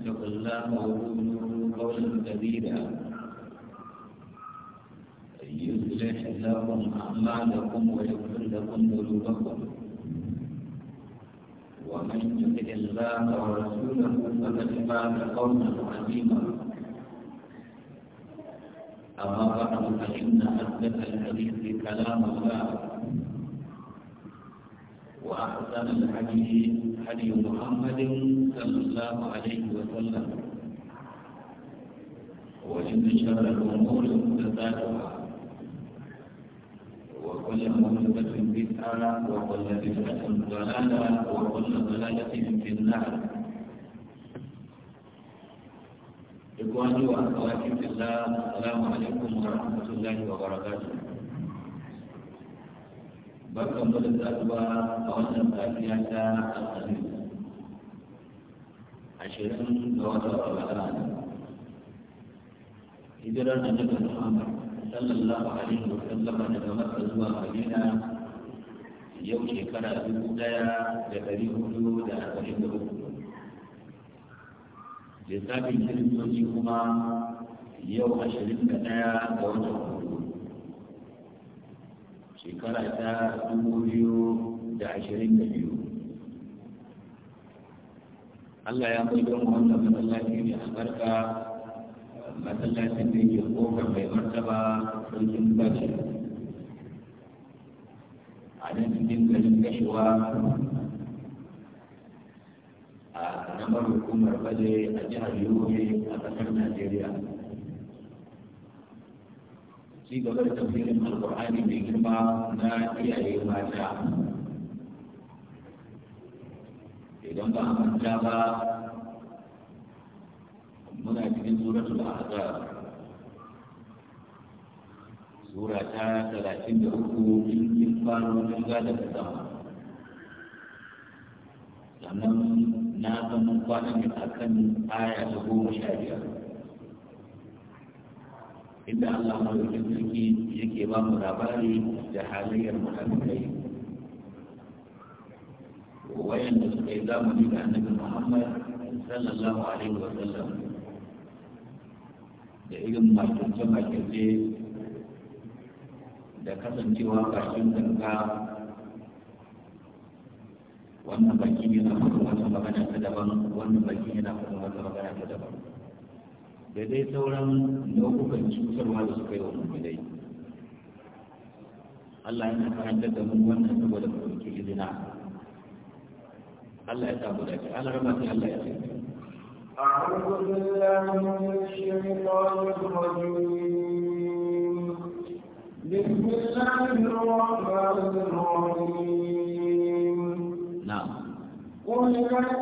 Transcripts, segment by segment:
واتقوا الله وقولوا قولا سديدا يصلح لكم أعمالكم ويغفر لكم ذنوبكم ومن يطع الله ورسوله فقد فاز قوما عظيما أما بعد فإن أصدق الحديث كلام الله وأحسن الحديث هدي محمد صلى الله عليه وسلم وإن شر الأمور محدثاتها وكل محدثة بدعة وكل بدعة ضلالة وكل ضلالة في النار إخواني وأخواتي في الله السلام عليكم ورحمة الله وبركاته barkan mu da saduwa a wannan safiya ta alhamis ashirin ga watan ramadan hijirar annabi muhammad sallallahu alaihi wa sallama daga makka zuwa madina yau shekara dubu daya da ɗari hudu da arba'in da uku lissafin kiristoci kuma yau ashirin da daya ga watan shekara ta dubu biyu da ashirin da biyu Allah ya mai don wannan masallaci ne a karka masallacin da ke kofar mai martaba sarkin bashi a nan cikin garin gashuwa a namar hukumar baje a jihar ne a ƙasar najeriya ci gaba da tafsirin alkur'ani mai girma na iyaye mata idan ba a manta ba muna cikin suratul ahzab sura ta talatin da uku cikin faro na gada da sama sannan na san kwanan akan aya ta goma sha biyar inda Allah madaukin sarki yake ba mu labari da halayyar munafikai wayanda suka yi zamani da annabi Muhammad sallallahu alaihi wa sallam da irin makirce makirce da kasancewa kashin ganga wannan bakin yana faɗin wata magana ta daban wannan bakin yana faɗin wata magana ta daban da dai sauran nau'ukan cutarwa da suka yi wa mummunai Allah yana karantar da mu wannan saboda mu ɗauki izina Allah ya sa mu dace Allah rama sai Allah ya ce أعوذ بالله من الشيطان الرجيم بسم الله الرحمن الرحيم نعم قل لن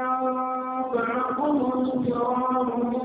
ينفعكم الكرام من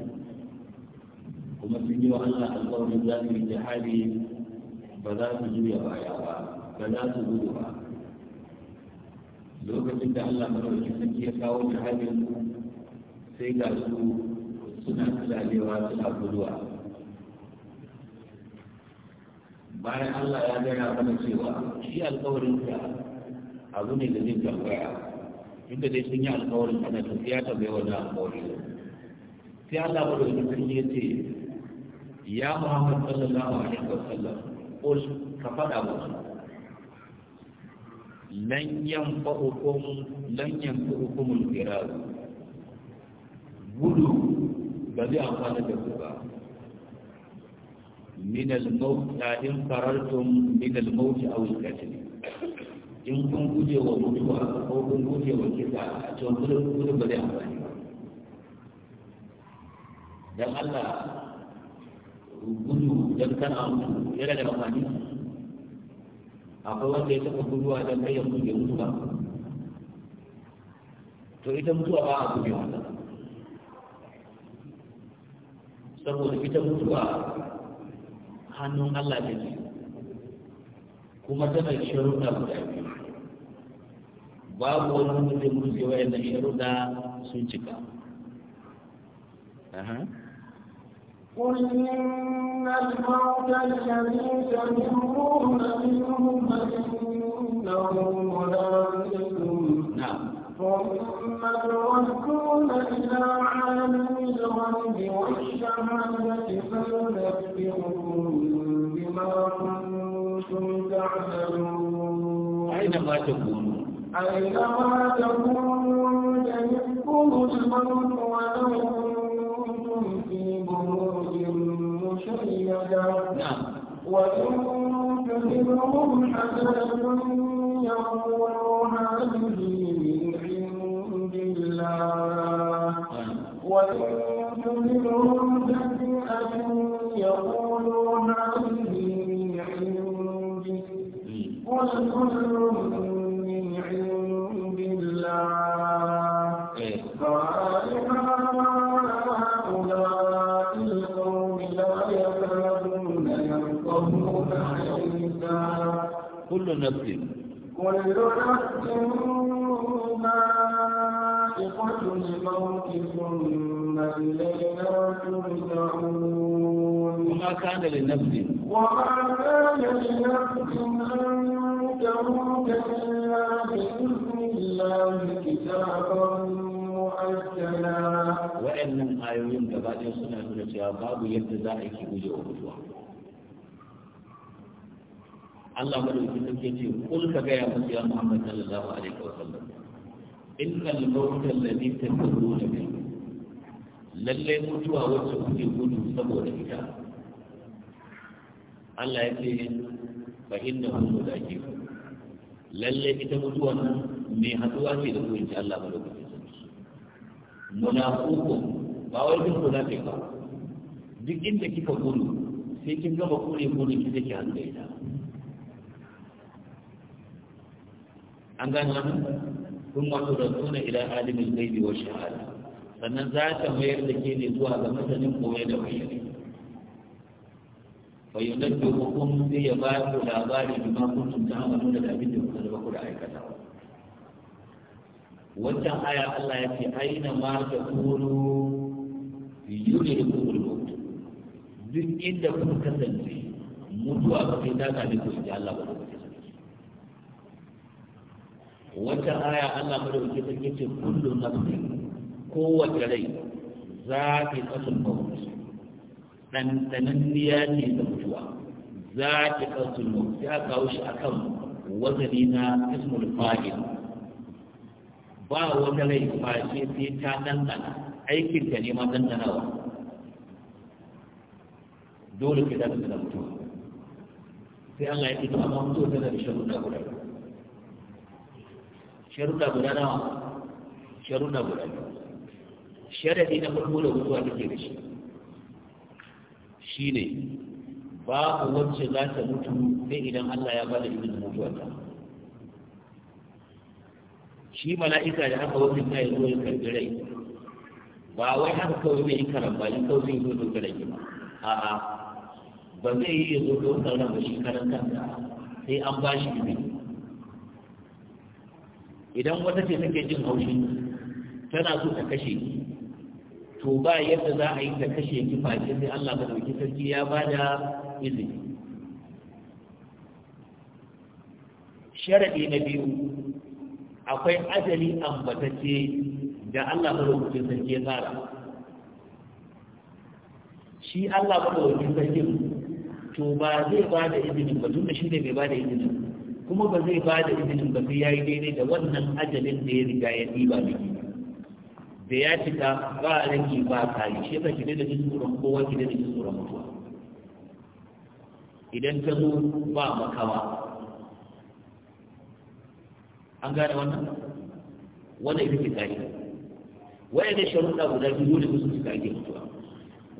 kuma sun yi wa Allah alƙawarin za su yi jihadi ba za su juya baya ba ba za su gudu ba lokacin da Allah madaukakin sarki ya kawo jihadin sai ga su suna tsalewa suna guduwa bayan Allah ya gaya mana cewa shi alƙawarin ka abu ne da zai tambaya inda dai sun yi alƙawarin ana tafiya ta bai wani alƙawarin sai Allah madaukakin sarki ya ce ya muhammad sallallahu alaihi wa sallam ko ka faɗa musu lan yanfa'ukum lan yanfa'ukum al-firar gudu ba zai amfana da ku ba min al-maut in farartum min al-maut aw al-qatl in kun guje wa mutuwa ko kun guje wa kisa a cikin gudu ba zai amfani ba dan Allah gudu don kana mutu yana da amfani akwai wanda ya taɓa guduwa don kai ya kuɗe mutu ba to ita mutuwa ba a kuɗe wata saboda ita mutuwa hannun Allah ta ce kuma tana sharuɗa guda biyu babu wani mutum da ya yawa yana sharuɗa sun cika قل إن الموت الذي تمرون منه فإنه ملاقيكم نعم. ثم تردون إلى عالم الغيب والشهادة فينبئكم بما كنتم تعملون أينما تكونوا أينما تكونوا يدرككم الموت ولو كنتم في بروج حسنة نعم وإن تذبهم حسنة يقولوا هذه من عند الله وإن تذبهم نفس ترجعون وما كان لنفس وما كان لنفس أن تموت إلا بإذن الله كتابا مؤجلا وان لم ɗaya suna nuna cewa babu yadda za a Allah madauki ke ce kul ka gaya musu ya Muhammad sallallahu alaihi wa sallam innal mawta alladhi tadruna bi lalle mutuwa wacce kuke gudu saboda ita Allah ya ce fa innahu mudaki lalle ita mutuwa mai haduwa ce da ku insha Allah madauki munafuku ba wai ke ba? duk inda kika gudu sai kin gama kure gudu ki hankali hannu da ita an gane wannan kun wato da suna ila alimin gaibi wa shahada sannan za ta mayar da ke ne zuwa ga masanin koyar da wani fayyunan da hukum sai ya ba ku labari da ma ta amalu da abin da kuka zama ku da aikata wancan aya Allah ya ce aina ma ta kuru yuri da kuma mutu duk inda kuka kasance mutuwa ba ta sami ku inda Allah ba wata aya Allah madauki sarki ce kullu nafsi kowace rai za ta kasul maut dan tananniya ne da mutuwa za ki kasu maut ya kawo shi akan wazani na ismul fa'il ba wata rai ce sai ta dandana aikin ta ne ma dandanawa dole ke da mutuwa sai Allah ya ce to amma mutuwa tana da shan guda sharuɗa guda nawa sharuɗa guda sharaɗi na farko da ta take da shi Shi ba ku wacce za ta mutu sai idan Allah ya bada izinin mutuwarta shi mala'ika da aka wajen ta yi zuwa ya rai ba wai haka kawai mai karan ba yin kawai zai zo doka rai ba a'a ba zai yi ya zo wutar nan ba shi karan kanta sai an ba shi izini idan wata ce take jin haushi tana so ta kashe ki to ba yadda za a yi ta kashe ki face sai Allah ba dauki sarki ya bada izini sharadi na biyu akwai ajali ambatacce da Allah ba dauki sarki ya tsara shi Allah ba dauki sarki to ba zai bada izini ba tunda shi ne mai bada izini kuma ba zai ba da izinin ba sai ya yi daidai da wannan ajalin da ya riga ya ɗiba miki da ya cika ba a rage ba kari shi yasa ki da jin tsoron kowa ki da jin tsoron mutuwa idan ta zo ba makawa an gane wannan wanda ita ce kari waye da sharuɗa guda biyu da musu cika ake mutuwa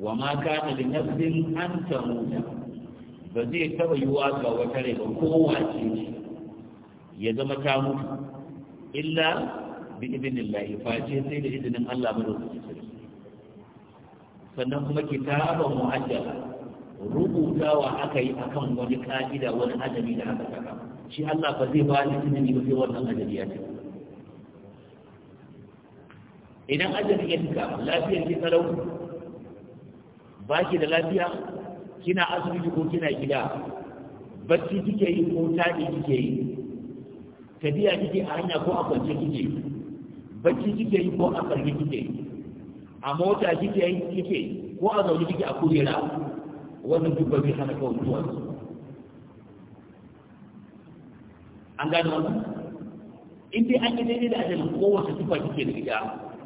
wa ma kana da nafsin an tamuta ba zai taɓa yiwa ga wata rai ba kowa ce ya zama ta mutu illa bi idinillahi face sai da izinin Allah madaukakin sarki sannan kuma kitaban mu'ajjala rubutawa aka yi akan wani ka'ida wani adami da aka saka shi Allah ba zai ba ni izini ba sai wannan adami ya tafi idan ajali ya tuka lafiyar ki kalau ba ki da lafiya kina asibiti ko kina gida bacci kike yi ko tadi kike yi tafiya kike a hanya ko a kwance kike bacci kike yi ko a farge kike a mota kike yi kike ko a zaune kike a kujera wannan duk bai hana kawai mutuwa an gane wannan in dai an yi daidai da ajiyar kowace tufa kike da gida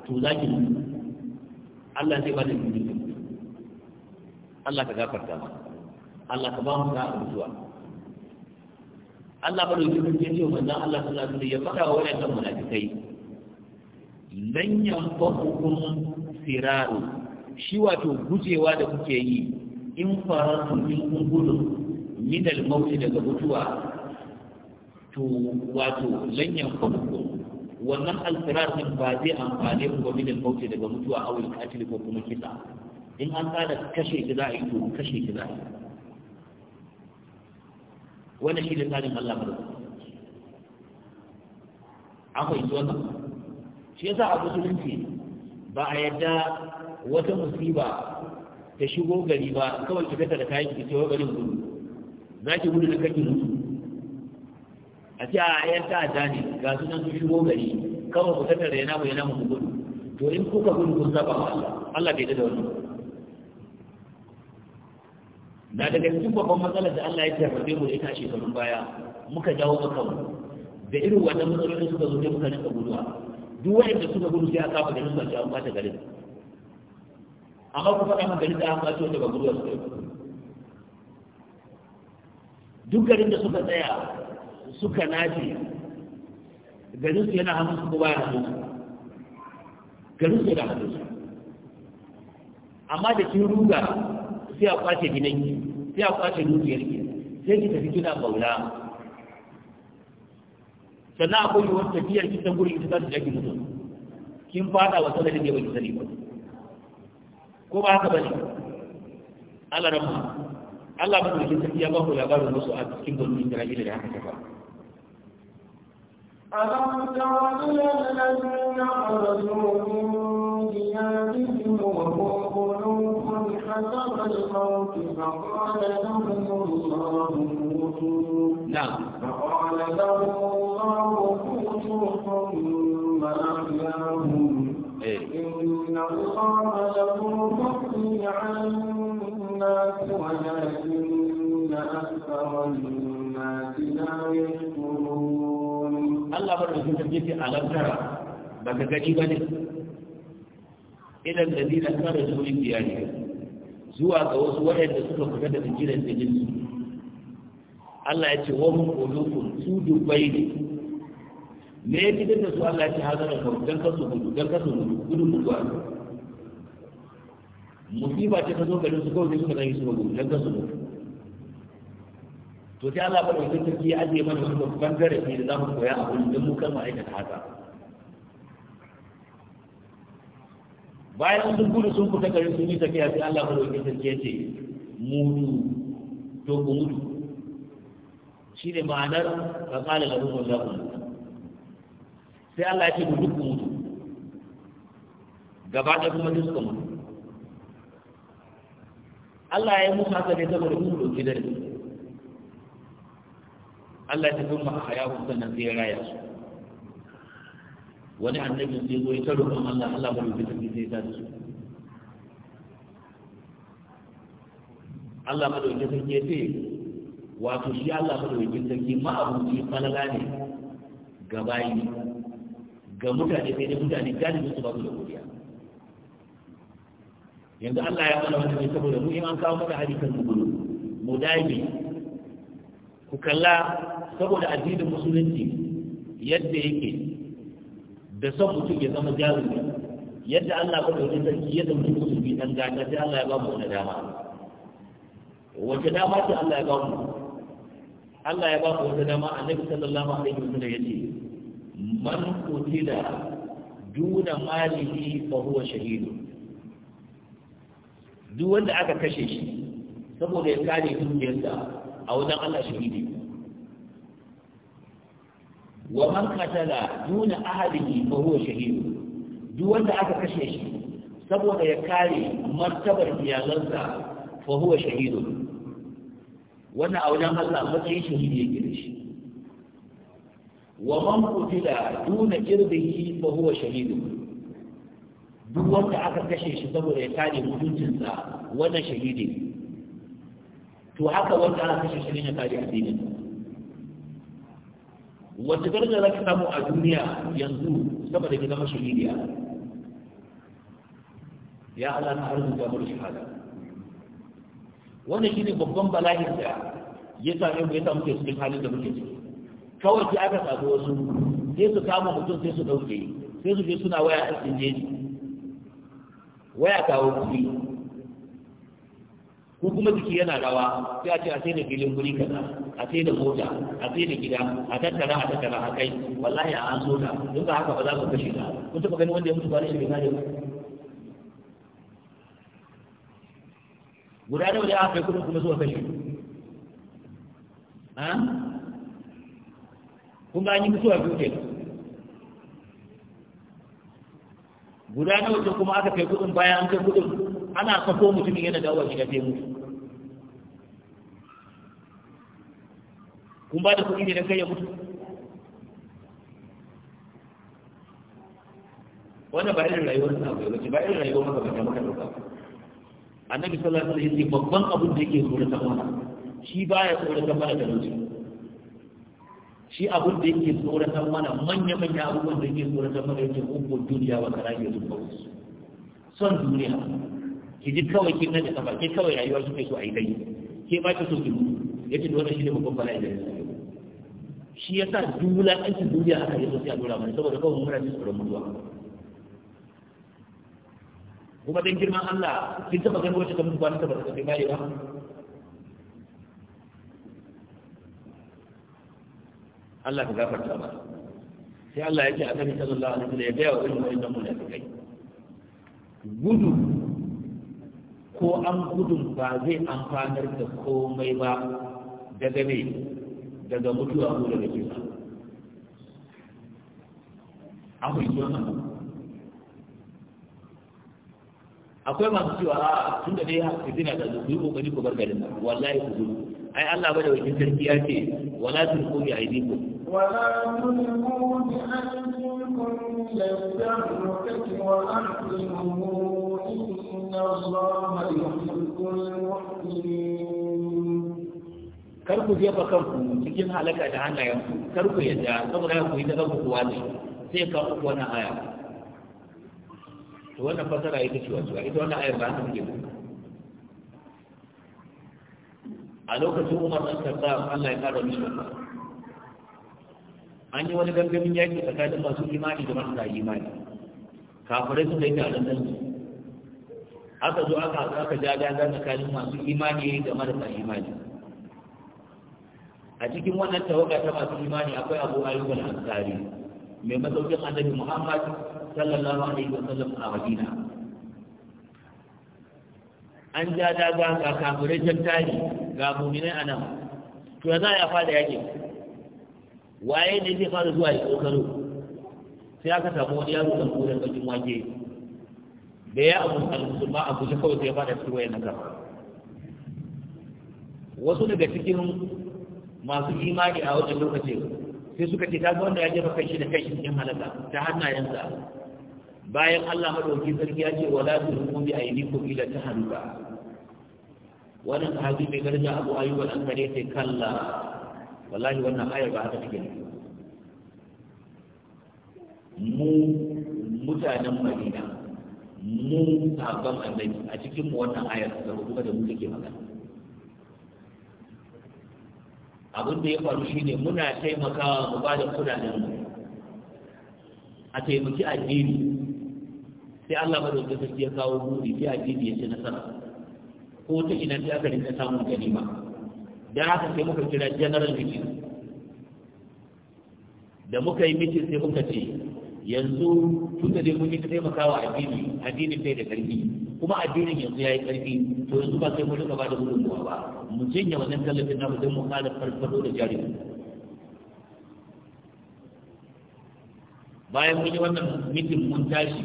to za ki nuna Allah zai ba da mutu Allah ka gafarta ma Allah ka ba mu sa'a mutuwa Allah bada yi kun ce manzon Allah sallallahu suna wasallam ya faɗa wa waɗannan munafikai lan yanfa'ukum firaru shi wato gujewa da kuke yi in farartu min kun gudu min al-maut daga mutuwa to wato lan yanfa'ukum wannan al din ba zai amfane ku ba min al-maut daga mutuwa aw al-qatil ko kuma kisa in an tsara kashe ki za a yi to kashe ki za a yi wannan shi ne tsarin Allah mai an fahimci wannan shi yasa a musulunci ba a yadda wata musiba ta shigo gari ba kawai ki da kayan ki cewa garin gudu za ki gudu da kakin mutu a ce a yan ta'adda ne ga nan sun shigo gari kawai ku tattara yana mu yana mu gudu to in kuka gudu kun zaba Allah Allah bai da wani. na daga cikin babban matsalar da Allah ya tarbe mu ita shekarun baya muka dawo maka da irin wannan matsalolin suka zo ne muka nika guduwa duk wanda suka gudu sai aka faɗa musu an bata garin amma ku faɗa man garin da an bata wanda ba guduwa suka yi duk garin da suka tsaya suka nace garin su yana hannun su ko baya hannun su garin su yana hannun su amma da kin ruga sai a kwace gidanki sai a kwace dukiyar ki sai ki tafi kina bauna sannan akwai yiwuwar tafiyar ki ta guri ita za ta jaki mutum kin fada wa sanadin da baki sani ba ko ba haka bane Allah rahma Allah ba ta kin tafiya ba ko labarin wasu a cikin gurbin Isra'ila da haka ta faru ألم تر الذين خرجوا من ديارهم وهم قلوب حسب الموت فقال لهم الله نعم فقال لهم الله موتوا ثم أحياهم إن الله له فضل ولكن أكثر الناس لا Allah da suka ce a lantara ba ka gani ba ne idan da zina kare da wurin biyani zuwa ga wasu waɗanda suka fita da jiran da jinsu Allah ya ce wa mun su dubbai ne me ya fitar da su Allah ya ce hazara ka dan kasu gudu dan kasu gudu gudu gudu musiba ce ta zo garin su kawai suka zai su gudu dan kasu gudu to sai Allah bada wajen sarki ya ajiye mana wani babban darasi da za mu koya a wurin don mu kan mu haka bayan sun gudu sun fita garin sun yi tafiya sai Allah bada wajen sarki ya ce to ku mutu shi ne ma'anar ka kala garin wanda ku sai Allah ya ce ku duk ku mutu gaba da kuma duk suka mutu Allah ya yi musu haka ne saboda kun da darasi Allah ta kuma a hayahu sannan sai ya raya su wani annabin sai zo ya ta roƙon Allah Allah ba rubuta ki zai da su Allah ba rubuta ki ya ce wato shi Allah ba rubuta ki ma abuci falala ne ga bayi ga mutane sai dai mutane galibin su ba su da godiya yanzu Allah ya kula wani saboda mu in an kawo mana kan mu mu dai ku kalla saboda addinin musulunci yadda yake da son mutum ya zama jarumi yadda Allah ba da sarki ya zama musulmi dan gata sai Allah ya ba mu wani dama wace dama ce Allah ya ba mu Allah ya ba mu wata dama annabi sallallahu alaihi wasallam ya ce man qutila duna malihi fa huwa shahid duk wanda aka kashe shi saboda ya kare dukiyarsa a wajen Allah shahidi wa man qatala duna ahadihi fa huwa shahid duk wanda aka kashe shi saboda ya kare martabar iyalansa fa huwa shahid wannan a wajen Allah matsayin shahidi yake da shi wa man qutila duna irdihi fa huwa shahid duk wanda aka kashe shi saboda ya kare mutuncinsa wannan shahidi to haka wanda aka kashe shi ne ya kare addinin wata garga za ka samu a duniya yanzu saboda ki masu shahidiya ya ala na harin da mu Wanda wannan shine babban bala'in da ya same mu ya samu ke cikin halin da muke ciki kawai ki aka sabu wasu sai su kama mutum sai su dauke sai su je suna waya a cikin jeji waya kawo kuɗi ko kuma jiki yana rawa sai a ce a sai da filin guri kaza a sai da mota a sai da gida a tattara a tattara a kai wallahi a an soda don ka haka ba za ka kashe ta kun taba gani wanda ya mutu ba ne shirin hajji guda da wani aka kai kudin kuma zuwa kashe kun ba an yi mutuwa duke guda da ce kuma aka kai kudin bayan an kai kudin ana sako mutumin yana dawowa gida sai mutu kun ba da kuɗi ne don kai ya mutu wannan ba irin rayuwar suna bai wace ba irin rayuwar maka bata maka dauka annabi sallallahu alaihi wasallam babban abin da yake tsoro ta mana shi baya tsoro ta mana talauci shi abin da yake tsoro ta mana manya manya abubuwan da yake tsoro ta mana yake hukun duniya wa karaje su wasu son duniya ki ji kawai kin nan da kafa ke kawai rayuwa kike so a yi dai ke ba ki so ki mutu yace dole shi ne babban bala'i da yake shi ya sa dula aikin duniya haka ya sosai a dora mana saboda kawai muna ne tsoron mutuwa kuma dan girman Allah kin taba ganin wacce ta mutu ba ta ba ta kai mai ba Allah ka gafarta ba sai Allah yake a kan sallallahu alaihi wasallam ya ga wa irin wannan kai. gudu ko an gudun ba zai amfanar da komai ba daga ne daga mutuwa ko daga kisa akwai wannan akwai masu cewa a tun da dai fitina da zuwa yi kokari ku bar garin wallahi ku gudu ai Allah bada wajen sarki ya ce wala tulqu bi aydikum ولا تلقوا بأيديكم إلى التهلكة وأحسنوا kar ku jefa kanku cikin halaka da hannayenku kar ku yadda saboda ku yi ta kanku kuwa ne sai ka uku na aya to wannan fasara ita ce wasu ita wannan ayar ba ta muke a lokacin umar ɗan karɓa Allah ya ƙara mishi an yi wani gangamin yaƙi tsakanin masu imani da marasa imani kafirai suka yi taron nan aka zo aka aka ja gaza tsakanin masu imani da marasa imani a cikin wannan tawaga ta masu imani akwai abu ayyub al-ansari mai masaukin annabi muhammad sallallahu alaihi wa sallam a madina an ja daga ga kafirai can tari ga muminai a nan to ya za ya fada yake waye ne zai fara zuwa ya tsokaro sai aka samu wani yaro kan koren bakin wake da ya abu al-musulma a guje kawai sai ya fada cikin wayan nan wasu daga cikin masu imani a wajen lokacin sai suka ce kaga wanda ya jefa kai shi da kai cikin halaka ta hannayensa bayan Allah madauki sarki ya ce wala tulqu bi aydikum ila tahalluka wannan sahabi mai garja Abu Ayyub al-Ansari sai kalla wallahi wannan ayar ba haka take mu mutanen Madina mu sabon annabi a cikin wannan ayar da rubuta da mu take magana abin da ya faru shine muna taimakawa mu ba da kudaden mu a taimaki addini sai Allah ba da sarki ya kawo buɗi sai addini ya ci nasara ko ta ina sai aka rinka samun ganima Da haka sai muka kira general meeting da muka yi mitin sai muka ce yanzu tun da dai mun yi taimaka wa addini addinin bai da karfi kuma addinin yanzu ya yi karfi to yanzu ba sai mu rika ba da gudunmuwa ba mu janye wannan tallafin namu don mu kada farfado da jari bayan mun yi wannan mitin mun tashi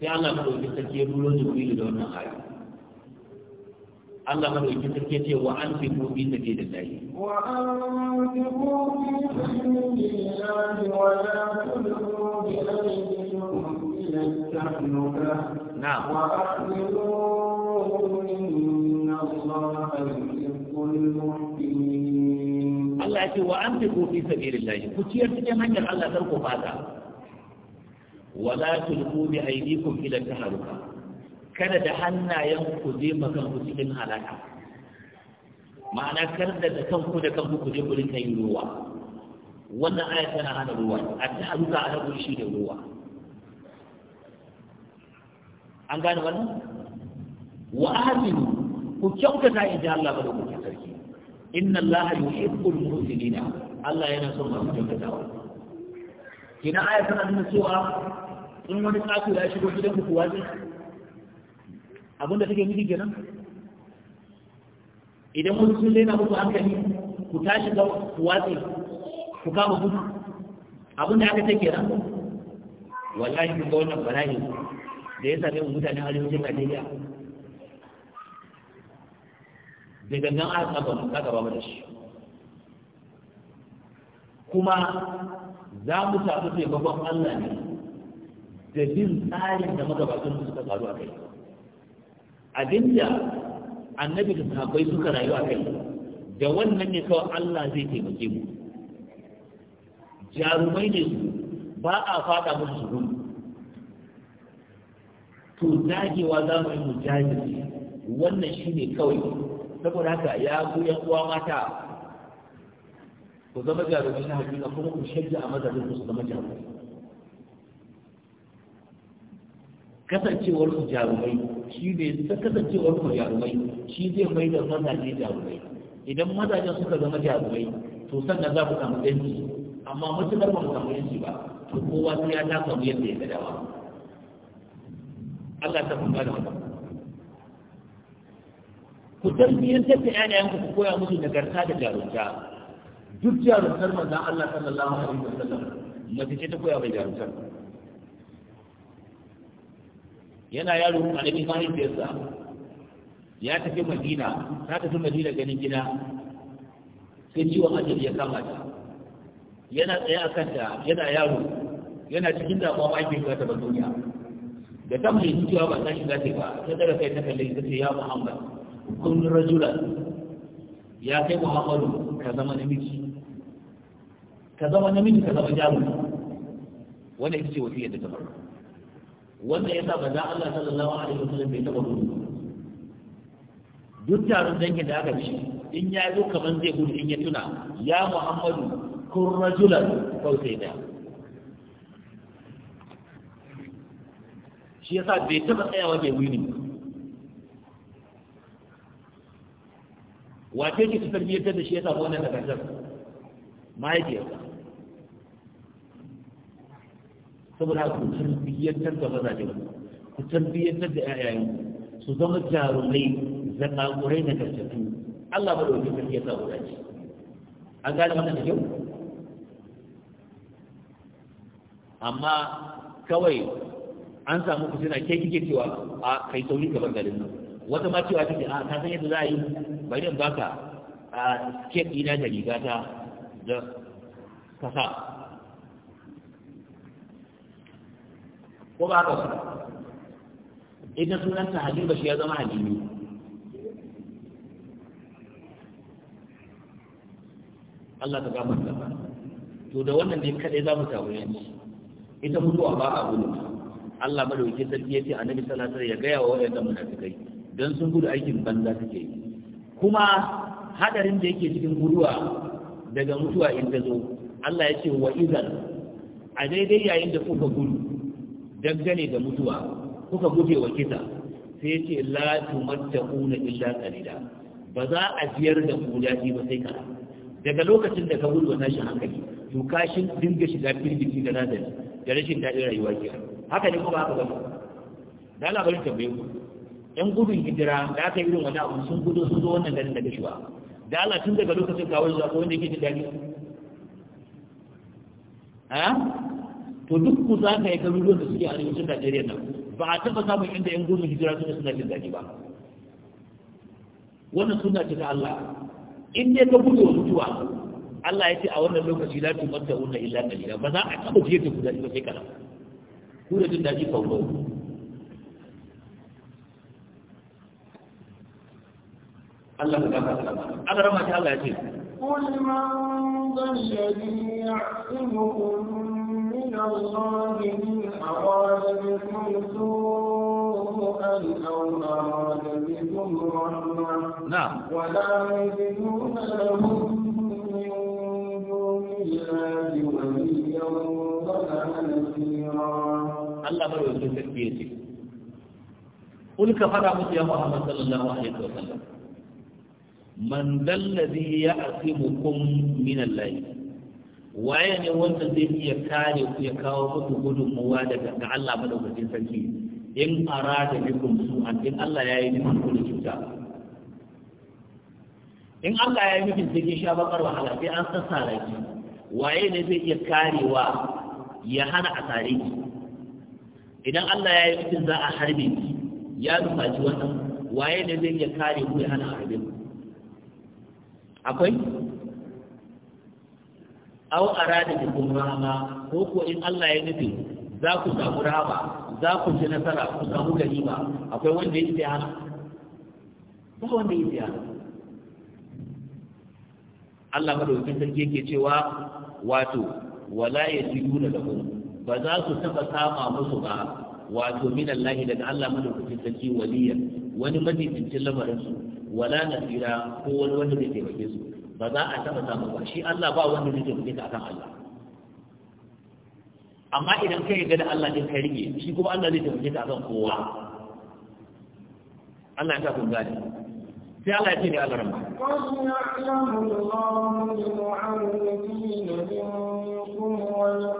sai Allah ya ɗauki sarki ya duro da da wannan hali Allah madauki sarki ce wa an fi ku bi sake da lahi wa an fi ku bi sake da lahi wa la tulqu bi aydikum ila tahnuka na'am wa aqbilu inna Allah yuhibbul muhsinin Allah ya ce wa an fi ku bi sake da lahi ku ciyar cikin hanyar Allah kar ku fata wa la tulqu bi aydikum ila tahnuka kada da hannayen ku je makan ku cikin halaka ma'ana kar da kan kanku da kanku ku je ku rinka yin ruwa wannan aya tana hana ruwa a ta aluka a rabu shi da ruwa an gane wannan wa aminu ku kyautata in ji Allah bada kuke sarki inna Allah yuhibbul muhsinina Allah yana son masu kyautatawa kina aya tana nuna cewa in wani tsafi ya shigo gidan ku kuwa zai abinda take nufi kenan idan wani sun daina muku hankali ku tashi ga watsi ku kama gudu abinda aka take kenan wallahi kun ga wannan bala'i da ya same mu mutanen arewacin Najeriya da gangan aka saba mu ka gaba da shi kuma za mu tafi taimakon Allah ne da bin tsarin da magabatan su suka faru a kai abinda annabi da sahabbai suka rayu a kai da wannan ne kawai Allah zai taimake mu jarumai ne su ba a fada musu su gudu to dagewa za mu yi mu jajirce wannan ne kawai saboda haka ya ku yan uwa mata ku zama jarumai na hakika kuma ku shajja a mazalin su zama jarumai kasancewar su jarumai shi ne ta kasancewar ku jarumai shi zai mai da mazaje jarumai idan mazajen suka zama jarumai to sannan za ku samu yanci amma matuƙar ba mu samu yanci ba to kowa sai ya taka mu yadda ya ga dama Allah ta kuma da wannan ku tarbiyyantar da ƴaƴayenku ku koya musu nagarta da jarumta duk jarumtar manzon Allah sallallahu alaihi wasallam mace ce ta koya mai jarumtar yana yaro nabi mahaifiyarsa ya tafi madina ta tafi madina ganin gida sai ciwon ajali ya kama ta yana tsaye a kanta yana yaro yana cikin damuwa ba ake ta ba duniya da ta mai cewa ba ta shiga ta ba ta daga kai ta kalli, ta ce ya muhammad kun rajula ya kai muhammadu ka zama namiji ka zama namiji ka zama jamu wanda ita ce wasu yadda ta faru. wanda ya sa za Allah sallallahu alaihi wasallam bai taɓa gudu duk taron dangin da aka ci in ya zo kaman zai gudu in ya tuna ya Muhammadu kun rajulan kawai da shi yasa bai taɓa tsayawa bai wuni wace ce ta tarbiyyar da shi yasa wannan nagartar mahaifiyarsa saboda ku tarbiyyantar da mazaje ku tarbiyyantar da ƴaƴayen su zama jarumai zakakurai na gartattu Allah ba da wajen ya sa guda ce an gane wannan da kyau amma kawai an samu fitina ke kike cewa a kai sauri gaban garin nan wata ma cewa take a ka san yadda za a yi bari in baka a ke ina da rigata da kasa ko ba ka ba idan sunanta ba shi ya zama halimi Allah ta gama ta to da wannan ne kadai za mu ya yanci ita mutuwa ba a gudu Allah madaukakin sarki ya ce annabi sallallahu alaihi wasallam ya gaya wa wayannan munafikai dan sun gudu aikin banza suke yi kuma hadarin da yake cikin guduwa daga mutuwa in ta zo Allah ya ce wa idan a daidai yayin da kuka gudu dangane da mutuwa kuka guje wa kisa sai ce la tumattaquna illa qalila ba za a ziyar da ku ba sai kara daga lokacin da ka gudu wannan shi hankali to kashin dinga shiga firgici da nazari da rashin daɗin rayuwa ke haka ne kuma haka ba da labarin tambaye ku ɗan gudun hijira da aka yi irin wani abu sun gudu sun zo wannan garin daga shuwa da Allah tun daga lokacin kawai zuwa ko wanda yake jin daɗi to duk ku za ka yi garuruwan da suke a arewacin Najeriya nan ba a taɓa samun inda yan gudun hijira suna suna jin daɗi ba wannan suna ce ta Allah in dai ka gudu wa mutuwa Allah ya ce a wannan lokaci la tumatta wannan illa qalila ba za a taɓa jiye ta guda ba sai kana ku da jin daɗi kawo Allah ka gafa salama Allah rama ta Allah ya ce قل من ذا الذي mu. من الله إن أراد بكم سوءا أو أراد بكم رحمة نعم ولا يجدون لهم من دون الله وليا ولا نصيرا Allah bai wasu tafiye ce, Ulka fada musu ya Muhammad sallallahu Alaihi wasallam, Man dallazi ya asimu kun minan layi, waye ne wanda zai iya kare ku ya kawo muku gudunmuwa daga ga Allah madaukakin sarki in ara arada bikum an in Allah ya yi miki kullu cuta in Allah ya yi miki cikin sha bakar wahala sai an sassara ki waye ne zai iya karewa ya hana a tare ki idan Allah ya yi miki za a harbe ki ya nufaci wannan waye ne zai iya kare ku ya hana a harbe ku akwai aw arada bikum rahma ko ko in Allah ya nufi za ku samu raba, za ku ci nasara ku samu ganima akwai wanda yake hana ko wanda yake hana Allah madaukakin sarki yake cewa wato wala yajiduna lahum ba za su taba sama musu ba wato min Allah daga Allah madaukakin sarki waliya wani majibincin lamarin su wala nasira ko wani wanda zai taimake su ba za a taɓa samu ba shi Allah ba wanda zai tafi ka kan Allah amma idan kai ga da Allah din kai rige shi kuma Allah zai tafi ka kan kowa Allah ya tafi gani sai Allah ya ce ne Allah ramma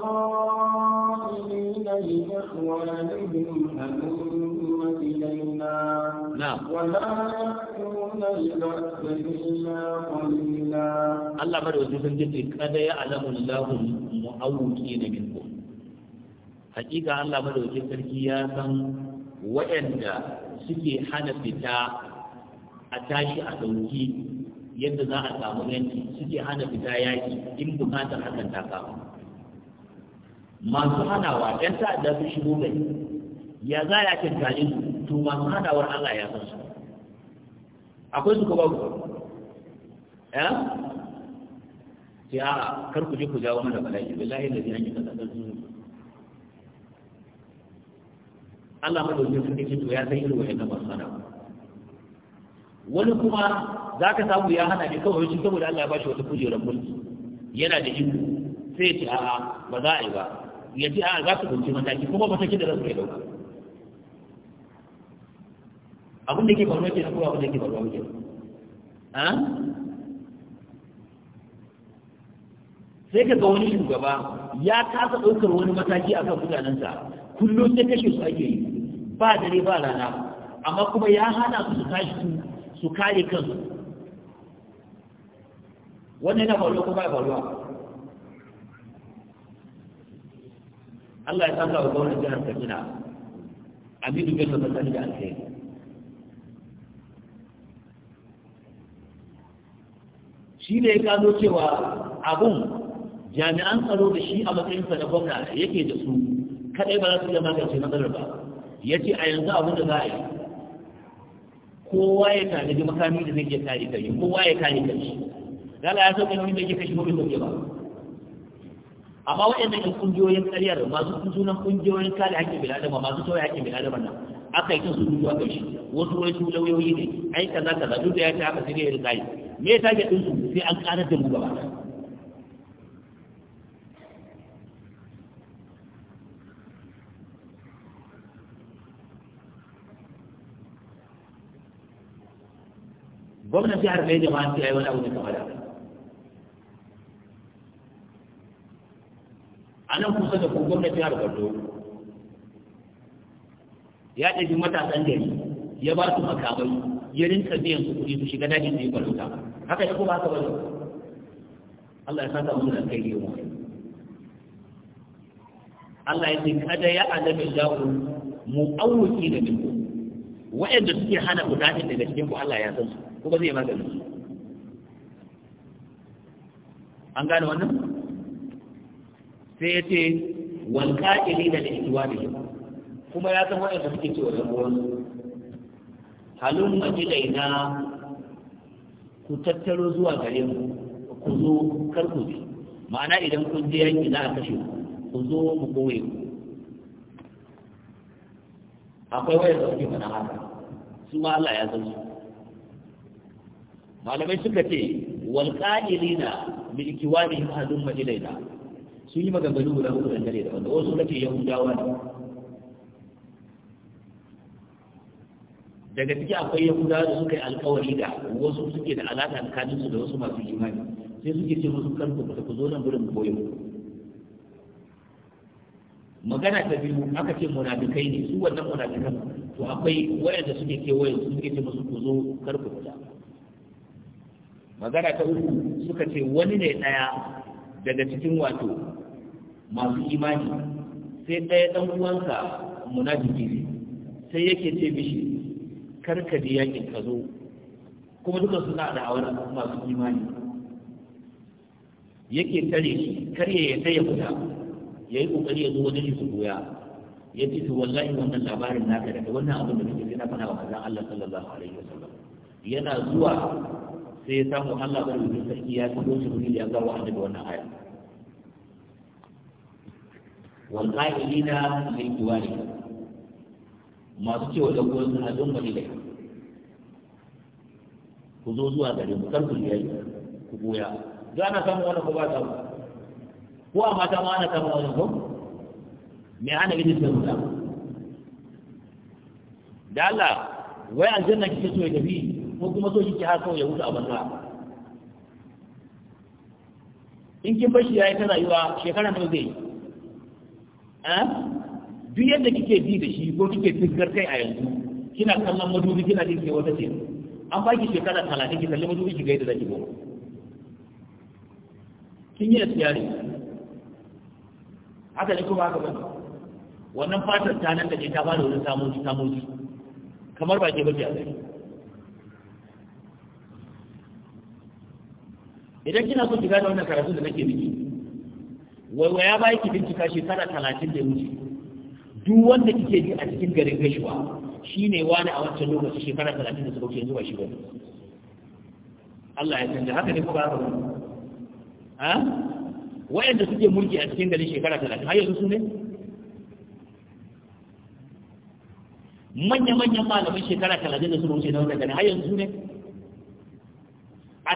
qad Allah mara wasu sun jirgin kada ya alamun na minku. Allah mara wasu sarki ya san waɗanda suke hana fita a tashi a sauki yadda za a samu yanki suke hana fita yaki in bukatar hakan ta kama. masu hanawa ɗan da su shigo mai ya za ya kintali su to masu hanawar Allah ya san su akwai su kuma ku ya sai a kar ku je ku jawo mana bala'i billahi da zai yi kaza da su Allah dole sun kace to ya san irin wannan masu hanawa wani kuma za ka samu ya hana ne kawai shi saboda Allah ya bashi wata kujerar mulki yana da iko sai ce a'a ba za a yi ba ya ji a za su kunci mataki kuma mataki da za su kai ɗauka abin da ke faruwa ke na kowa abin da ke faruwa ke sai ka ga wani shugaba ya kasa ɗaukar wani mataki a kan mutanensa kullum sai kashe su ake yi ba dare ba rana amma kuma ya hana su su tashi su su kare kansu wannan yana faruwa kuma ya faruwa Allah ya saka wa gwamnatin jihar Katsina Aminu Bello Fasani da alheri shi ne ya gano cewa abun jami'an tsaro da shi a matsayinsa na gwamna yake da su kadai ba za su iya magance matsalar ba ya ce a yanzu abin da za a yi kowa ya tanadi makami da zai iya kare kai kowa ya kare kai gala ya sauke nauyin da yake kashe mutum da ba amma waɗannan kungiyoyin ƙaryar masu sunan kungiyoyin kare haƙƙin bil'adama masu sauya haƙƙin bil'adama nan aka yi su rubuwa kai shi wasu wai su lauyoyi ne ai ka za duk da ya ce aka sai ya rika yi me ya tage ɗinsu, sai an ƙara da mu gaba gwamnati har mai jama'a ya yi wani abu ne kamar da a nan kusa da ku gwamnati jihar Borno ya ɗabi matasan gari ya ba su makamai ya rinka biyan su kuɗi su shiga dajin su yi farauta haka ya kuma haka bane Allah ya sata mu da kai ne mu Allah ya ce kada ya alami da'u mu'awwiki da dinku wa'anda suke hana ku daga cikin ku Allah ya san su kuma zai magana su an gane wannan sai ya ce wal qa'ili da istiwadi kuma ya zama yadda suke cewa da ruwan da ina ku tattaro zuwa gare mu ku zo kar ku bi ma'ana idan kun je yanki za a kashe ku zo mu koye ku akwai wayar da suke mana haka su ma Allah ya san su malamai suka ce wal qa'ilina bi ikiwani halun majilaina sun yi maganganu guda uku dare da wanda wasu kace yahudawa ne daga ciki akwai yahudawa da suka yi alkawari da wasu suke da alaƙa tsakanin su da wasu masu imani sai suke ce musu karku ba ku zo nan gurin koyo magana ta biyu aka ce munafikai ne su wannan munafikan to akwai wayanda suke wayan su suke ce musu ku zo karku fita magana ta uku suka ce wani ne ɗaya daga cikin wato masu imani sai ɗaya ɗan uwansa munafiki ne sai yake ce mishi karka je yakin ka zo kuma duka suna da awar masu imani yake tare shi kar ya sai ya fita ya yi ƙoƙari ya zo wajen shi su goya ya ce to wallahi wannan labarin na ka daga wannan abin da kake na fana wa manzon Allah sallallahu alaihi wa sallam. yana zuwa sai ya samu Allah barkin sarki ya kawo shi wuri ya ga wa daga wannan aya wal qa'ilina lil jiwari masu cewa da goyon suna don bari da ku zo zuwa gare mu kar ku yi ku goya za ana samun wani ko ba ta ko a mata ma ana samun wani ko me ana gidi sai mu da Allah wai aljanna kike so ya tafi ko kuma so kike har ya wuce a banza in kin bashi yayi ta rayuwa shekara nawa zai Eh? duk yadda kike bi da shi ko kike fiskar kai a yanzu kina kallon madubi kina jin ke wata ce an baki shekara talatin ki kalli madubi ki ga yadda zaki goma kin yi asiyari haka ne kuma haka bane wannan fatar ta nan da ke ta bada wurin samoji samoji kamar ba ke bace a gari idan kina so ki gane wannan karatu da nake miki ya ba yake bincika shekara talatin da wuce duk wanda kike ji a cikin garin gashuwa shi ne wani a wancan lokaci shekara talatin da suka wuce zuwa shi bane Allah ya canza haka ne ko ba haka ba ha wayanda suke mulki a cikin garin shekara talatin har yanzu su ne manya-manyan malamin shekara talatin da suka wuce na wannan garin har yanzu su ne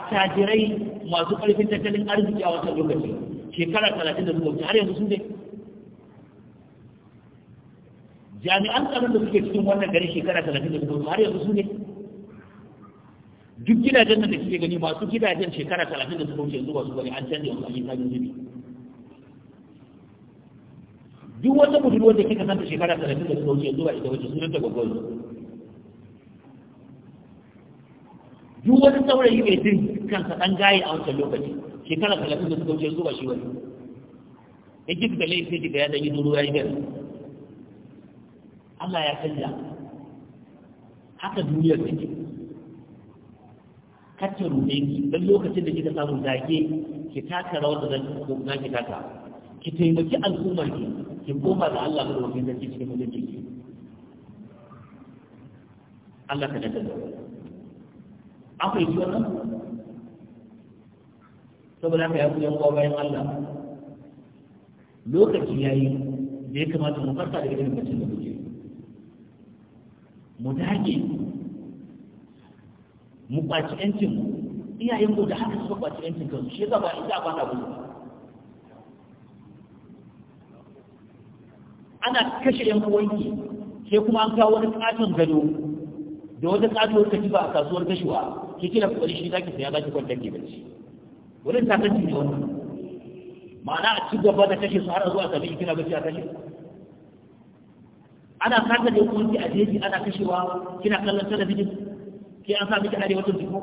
tajirai masu ƙarfin tattalin arziki a wancan lokaci shekara talatin da suka har yanzu sun dai jami'an tsaron da suke cikin wannan gari shekara talatin da suka har yanzu sun ne duk gidajen nan da suke gani masu gidajen shekara talatin da suka yanzu ba su gani an yanzu wasu ayyuka yanzu ne duk wata budurwar da kika santa shekara talatin da suka yanzu ba ita wace sunanta gwagwarsu duk wani saurayi mai jin kansa ɗan gaye a wancan lokaci shekara talatin da suka wuce zuwa shi wani ya ji da laifin ji ya yi duru ya yi gari Allah ya canja haka duniyar ke kacce ruɗe ki don lokacin da kika samu zage ki taka rawar da zan ko na ki taka ki taimaki al'ummar ki ki koma da Allah da wakilin da cikin mutunci Allah ka da da an fahimci wannan saboda haka ya fi kowa bayan Allah lokaci ya yi da ya kamata mu farka daga irin bacin da muke mu dage mu kwaci yancin iyayen mu da haka suka kwaci yancin kansu shi yasa ba ita ba ta gudu ana kashe yan uwanki sai kuma an kawo wani katon gado da wata katuwar katifa a kasuwar gashuwa ki kira kokari shi zaki saya zaki kwanta ki bacci wani ta kace ne wannan ma'ana a ci gaba da kashe su har zuwa sabi kina bacci a kashe ana kanta da hukunci a jeji ana kashewa kina kallon talabijin ke an sa miki wata jiko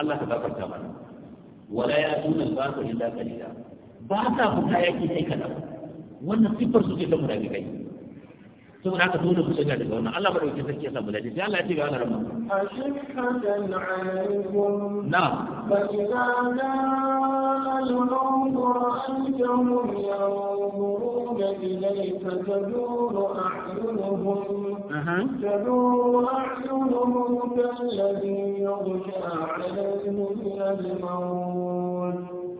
Allah ka gafarta mana wala ya tunan ba ku illa kalila ba ta fita yake sai kadan wannan siffar su ce ta munafikai saboda haka dole mu shiga daga wannan Allah madauki sarki ya samu dace sai Allah ya ce ga wannan na تدور أعينهم كالذي يغشى عليه من الموت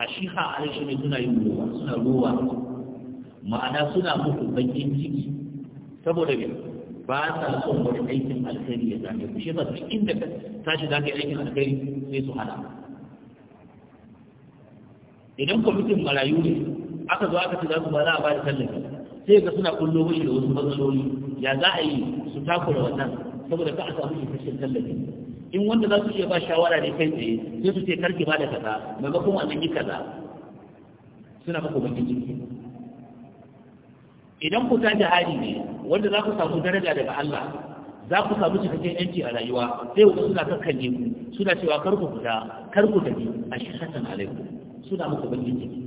a shiha a rashin ne suna yin ruwa suna ruwa ma'ana suna muku bakin ciki saboda me ba sa son wani aikin alkhairi ya zame ku shi ba su inda tashi za ka yi aikin alkhairi sai su hana idan kwamitin marayu ne aka zo aka ce za su ba za a ba da tallafi sai ka suna kullo wani da wasu matsaloli ya za a yi su takura wannan saboda ka a samu isasshen tallafi in wanda za su iya ba shawara ne kai tsaye sai su ce karki ba da kaza maimakon wannan yi kaza suna maka bakin ciki idan ku ta jihadi ne wanda za ku samu daraja daga Allah za ku samu cikakken yanci a rayuwa sai ku suna kakkanye ku suna cewa kar ku fita kar ku tafi a shahatan alaikum suna muku bakin ciki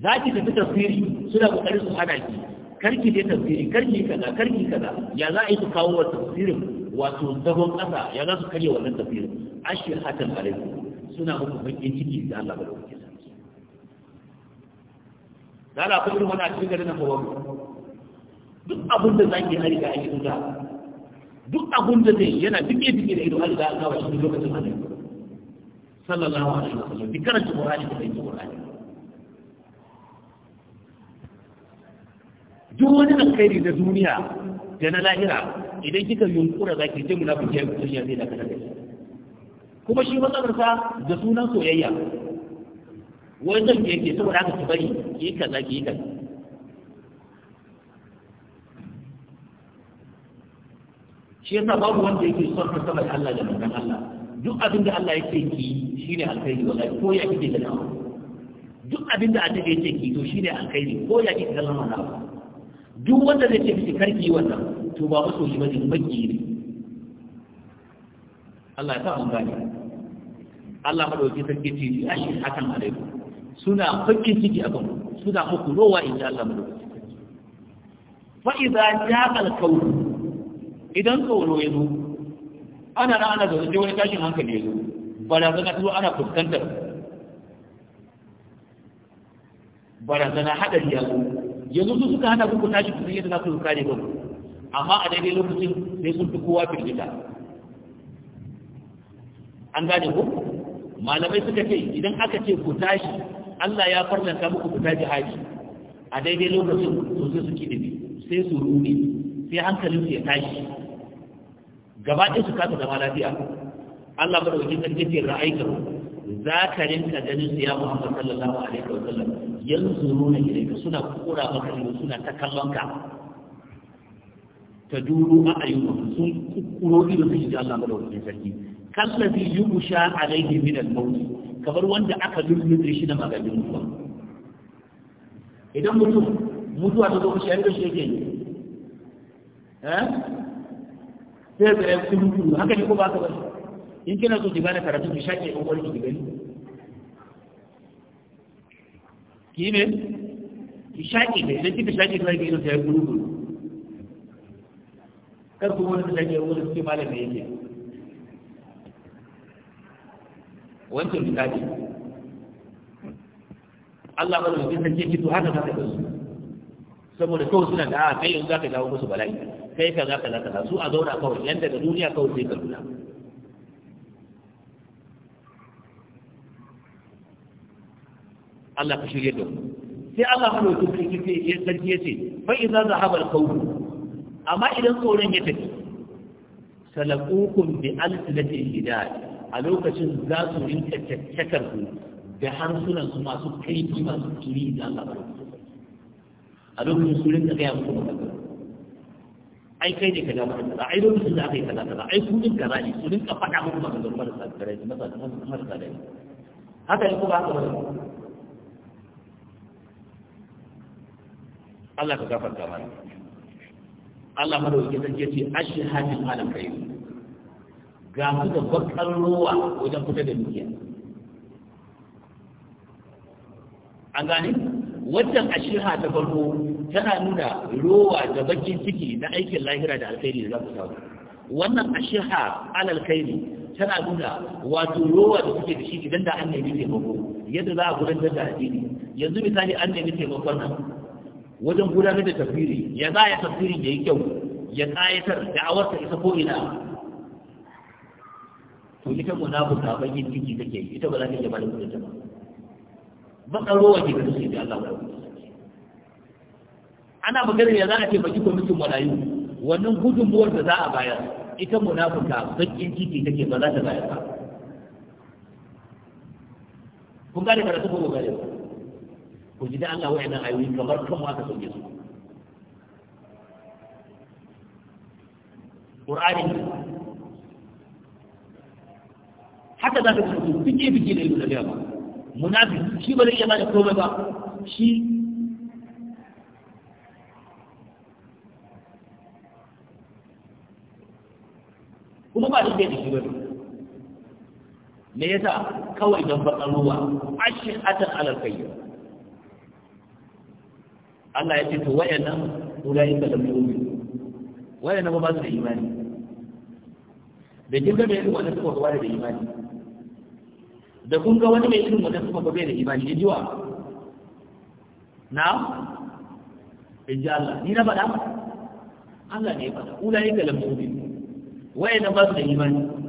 za ki tafi tafiri suna kokarin su hana ki karki dai tafiri karki kaza karki kaza ya za a yi su kawo wa tafsirin wato zagon ƙasa ya za su karya wannan tafiyar ashe hatan alaikum suna muku bakin ciki da Allah ba da kuke sarki da Allah kuma wani a cikin garin nan ba duk abin da zaki hari ga aiki da duk abin da zai yana dike dike da ido hali da aka Allah shi lokacin annabi sallallahu alaihi wasallam karanta Qur'ani da bai Qur'ani duk wani alkhairi da duniya da na lahira idan kika yunkura za ki ce munafiki ya kunya zai daga da kuma shi matsalarsa da sunan soyayya wai zan ke ke saboda haka ki bari ki yi kaza ki yi kaza shi yasa babu wanda yake son ka saboda Allah da manzon Allah duk abin da Allah yake ki shine alkhairi wallahi ko ya kike da nawa duk abin da Allah yake ki to shine alkhairi ko ya kike da nawa duk wanda zai ce fi karki wannan to ba masoyi bane baki ne Allah ya sa mun gane Allah ta ke ce a shi, hakan alaikum suna fakin ciki kan suna muku rowa in ji Allah madauki fa idza ja'al qawl idan tsoro ya zo ana na ana zaune wani tashin hankali ya zo barazana ta zo ana fuskantar barazana hadari ya zo yanzu su suka hana ku tashi ku yadda za ku kare ku amma a daidai lokacin sai sun fi kowa firgita an gane ku malamai suka ce idan aka ce ku tashi Allah ya farlanta muku ku tashi haji a daidai lokacin sun sai su kidibi sai su rumi sai hankalin su ya tashi gaba ɗaya su kasa zama lafiya Allah madaukakin sarki ce ra'aikaru za ka rinka ganin su ya Muhammad sallallahu alaihi wa sallam nuna na ka suna kura maka ido suna ta kallon ka ta duru a ayyuka sun kuro ido su ji Allah madaukakin sarki kallafi yusha a min minan maut kamar wanda aka lullube shi na maganin mutuwa idan mutum mutuwa ta zo shayar da shi yake eh sai ga yankin mutu haka ne ko ba ka ba in kina so ki bada karatu ki shake ƙwaƙwalwa ki gani ki ne ki shake ne idan kika shake ta yi irin ta yi guruguru kar kuma wani ta shaƙe wani suke malam ne yake wancan ce. Allah bada mutum sarki fito haka za ka ɗansu saboda kawai suna da a kai yanzu za ka dawo musu bala'i kai ka za ka za ka su a zauna kawai yan daga duniya kawai sai ka nuna Allah ka shirye da sai Allah mu mutum sarki ya sarki ya ce fa idza zahaba al-khawf amma idan tsoron ya tafi salaqukum bi alsinati hidayat a lokacin za su rinka caccakar ku da harsunan su masu kaifi masu turi da Allah a lokacin su rinka gaya muku magana ai kai ne ka kaza maka kaza ai lokacin da aka yi kaza kaza ai kudin ka ne su rinka faɗa muku magana marasa da da masa kare marasa da kare haka ne kuma haka ba Allah ka gafarta mana Allah ma dauke sarki ce ashhadu ala kai ga mu da bakar ruwa wajen fita da duniya. an gane wannan ashiha ta farko tana nuna ruwa da bakin ciki na aikin lahira da alkhairi da za ku samu wannan ashiha alal khairi tana nuna wato ruwa da kuke da shi idan da an nemi taimako yadda za a gudanar da addini yanzu misali an nemi taimakon nan wajen gudanar da tafiri ya za ya tafiri da ya kyau ya kayatar da'awar ta isa ko ina to ita buka bakin ciki take ita ba za ta iya da kudin ta ba bakaro wa ke da su da Allah wa ana maganar ya za a ce baki kwamitin malayu wannan gudunmuwar da za a bayar ita buka bakin ciki take ba za ta bayar ba kun gane karatu ko ba gane ba ku ji da Allah wa'annan ayoyi kamar kan wata sauke su Qur'ani haka za ka ci su fike fike da ilmin da ba munafiki shi ba zai iya bada komai ba shi kuma ba da da shi ba me yasa kawai don bakan ruwa ashin atan alal kayyar Allah ya ce to wayannan ulai ka lam yu'min wayannan ba ba su da imani da kin ga mai wanda suka ba da imani da kun ga wani mai irin wanda suka gaba da imani ya jiwa na in Allah ni na faɗa Allah ne ya faɗa ulai ka lam yu'min wayannan ba su da imani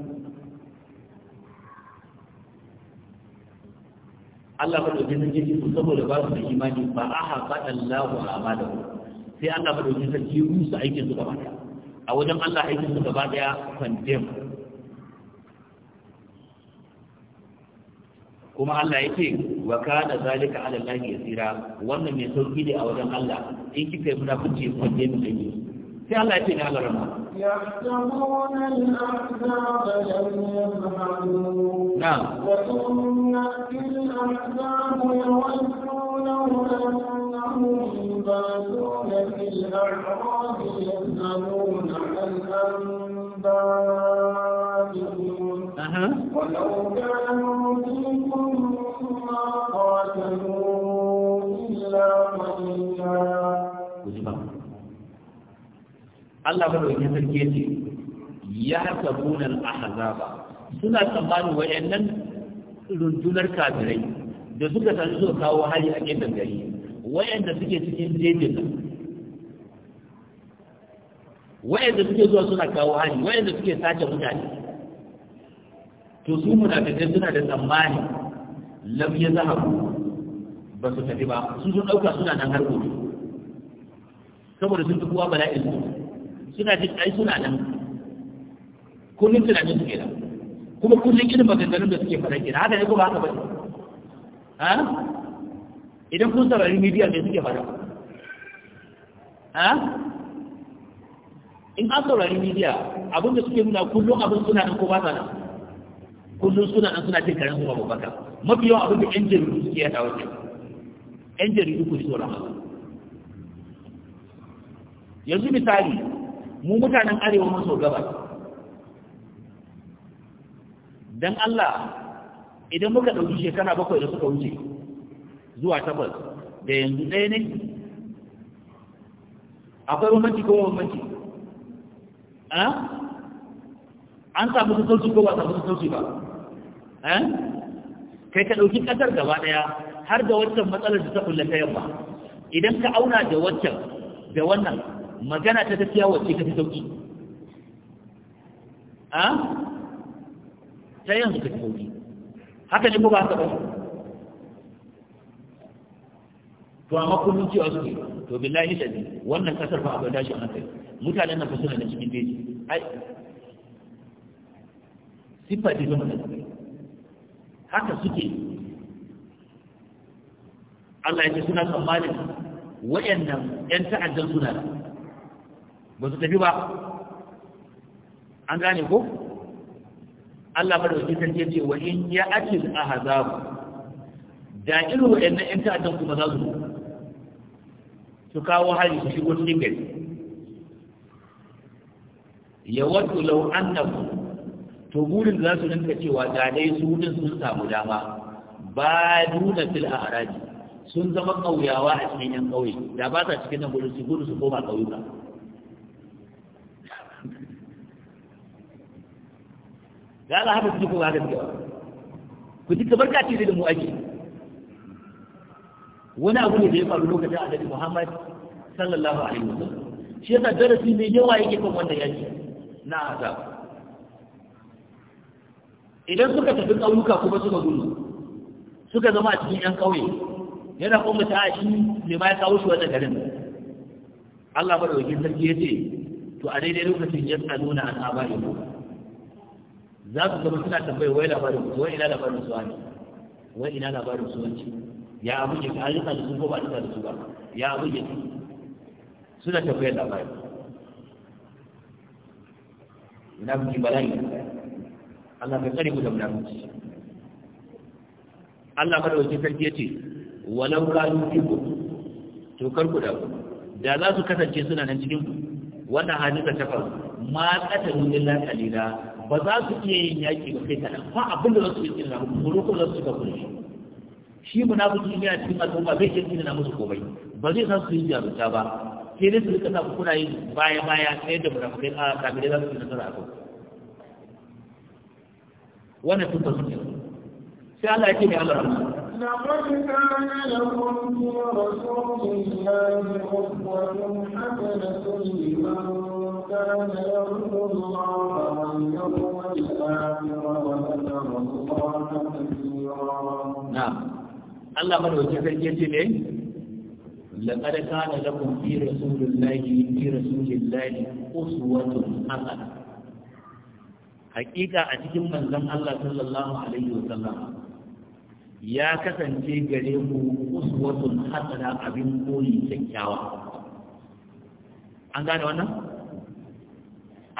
Allah madaukin sarki ce ku saboda ba su da imani ba a haɓa Allahu a amalahu sai Allah madaukin sarki ya rusa aikin su gaba daya a wajen Allah aikin su gaba daya kwandem kuma Allah yake wa kana zalika ala Allah yasira wannan mai sauki ne a wajen Allah in kika yi munafici condemn aikin tí a láìpé ní alọ́rọ̀ náà. Yàtọ̀ mọ́ ní àgbà ọ̀dọ́ ìyẹn náà. Náà. Yàtọ̀ mọ́ ní àgbà ọ̀dọ́ ìyẹn náà. Wọ́n lọ́wọ́ gbẹ́rẹ́ mọ́ ní Allah madaukakin sarki ya ce ya sabuna al-ahzaba suna tsammanin wayannan rundunar kafirai da suka san su kawo hari a ƙetan gari wayanda suke cikin jejin wayanda suke zuwa suna kawo hari wayanda suke sace mutane to su munafikai suna da tsammani lam ya zahabu ba su tafi ba su sun ɗauka suna nan har gobe saboda sun fi kowa bala'in su suna jin ai suna nan kullum tunanin suke kenan kuma kullum irin maganganun da suke faɗa kenan haka ne kuma haka bane ha idan kun saurari media ne suke faɗa ha in an saurari media abin da suke nuna kullum abin suna nan ko ba sa nan kullum suna nan suna jin karen kuma babbaka. mafi yawan abin da yan jaridu suke yada wajen yan jaridu ku ji haka yanzu misali mu mutanen arewa maso gabas Don Allah idan muka ɗauki shekara bakwai da suka wuce zuwa tabbas da yanzu ɗaya ne akwai bambanci ko bambanci eh? an samu su sauci ko ba samu su sauci ba eh? kai ka ɗauki ƙasar gaba ɗaya har da waccan matsalar da ta kulle ta yamma idan ka auna da waccan da wannan magana ta gaskiya wacce ka fi sauki a ta yanzu ka fi sauki haka ne ko ba haka ba to amma kullum cewa suke to billahi da wannan kasar fa dashi a hankali mutanen nan fasuna suna da cikin daji ai siffa ce zama da haka suke Allah ya ce suna tsammanin waɗannan ‘yan ta'addan suna da ba su tafi ba an gane ko Allah ba da wasu kan ce wa in ya ake a hazabu da irin waɗannan ‘yan ta'addan kuma za su su kawo hari su shigo cikin gari ya wato lau annabu to burin za su rinka cewa ga dai su din sun samu dama ba nuna fil a haraji sun zama ƙauyawa a cikin yan ƙauye da ba sa cikin nan gudun su gudu su koma ƙauyuka Ya Allah haka suke kuma gaske ba ku ji kamar kace da mu ake wani abu ne da ya faru lokacin annabi Muhammad sallallahu alaihi wasallam shi yasa darasi mai yawa yake kan wannan yaki na azab idan suka tafi ƙauyuka kuma suka gudu suka zama a cikin 'yan ƙauye yana kuma ta shi ne ma ya kawo shi wannan garin Allah madaukakin sarki ya ce to a daidai lokacin ya nuna an aba ibu za su zama suna tambayar wai labarin su wai ina labarin su wani wai ina labarin su wani ya abu ya ka rika da su ko ba rika da su ba ya abu ya suna tambayar labarin ina miki bala'i Allah ka tsare mu da munafiki Allah madawacin sarki ya ce walau kanu fiku to karku da ku da za su kasance suna nan cikin ku wannan hadisa ta faru ma qatalu illa kalila ba za su iya yin yaki ba kai kadan fa abin da su yi na musu ko za su ga kulli shi munafiki a cikin al'umma bai yi na musu komai ba zai san su yi jarumta ba sai dai su rika sa ku kuna yin baya baya sai da munafikai a kafirai za su yi nasara a kai wannan tun ba su ne sai Allah ya ce mai Allah rahama. Na'am. Allah mana wace sarki yace ne? Laqad fi rasulillahi fi rasulillahi uswatun hasana. Hakika a cikin manzon Allah sallallahu alaihi wasallam ya kasance gare mu uswatun hasana abin koyi kyakkyawa an gane wannan